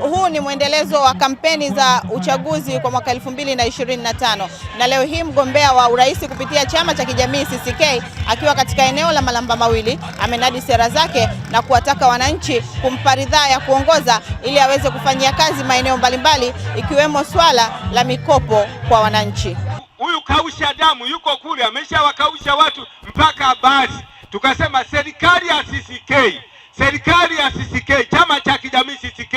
Huu ni mwendelezo wa kampeni za uchaguzi kwa mwaka 2025 na leo hii mgombea wa urais kupitia chama cha kijamii CCK akiwa katika eneo la Malamba Mawili amenadi sera zake na kuwataka wananchi kumpa ridhaa ya kuongoza ili aweze kufanyia kazi maeneo mbalimbali ikiwemo swala la mikopo kwa wananchi. Huyu kausha damu yuko kule, ameshawakausha watu mpaka basi, tukasema serikali ya CCK, serikali ya CCK, chama cha kijamii CCK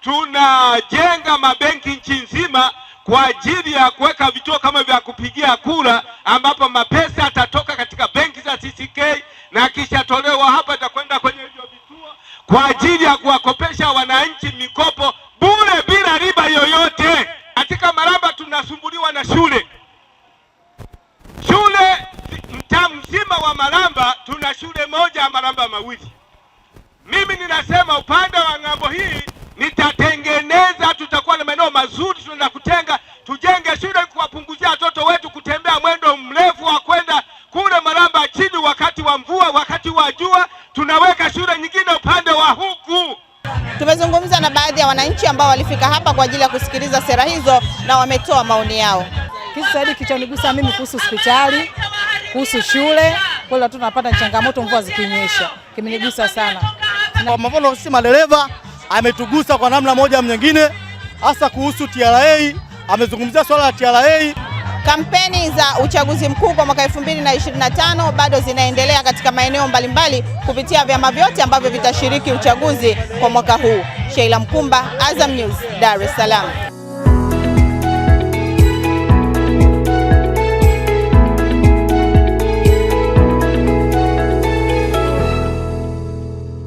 tunajenga mabenki nchi nzima kwa ajili ya kuweka vituo kama vya kupigia kura, ambapo mapesa yatatoka katika benki za CCK na akishatolewa hapa atakwenda kwenye hivyo vituo kwa ajili ya kuwakopesha wananchi mikopo bure bila riba yoyote. Katika Maramba tunasumbuliwa na shule shule, mtaa mzima wa Maramba tuna shule moja ya Maramba mawili. Mimi ninasema upande wa shule za kutenga, tujenge shule kuwapunguzia watoto wetu kutembea mwendo mrefu wa kwenda kule Maramba chini wakati wa mvua, wakati wa jua. Tunaweka shule nyingine upande wa huku. Tumezungumza na baadhi ya wananchi ambao walifika hapa kwa ajili ya kusikiliza sera hizo na wametoa maoni yao. Kitu zaidi kichonigusa mimi kuhusu hospitali, kuhusu shule, kwani watu tunapata changamoto mvua zikinyesha, kimenigusa sana. Kwa mfano si madereva ametugusa kwa namna moja au nyingine hasa kuhusu TRA. Amezungumzia swala la TRA. Kampeni za uchaguzi mkuu kwa mwaka 2025 bado zinaendelea katika maeneo mbalimbali kupitia vyama vyote ambavyo vitashiriki uchaguzi kwa mwaka huu. Sheila Mkumba, Azam News, Dar es Salaam.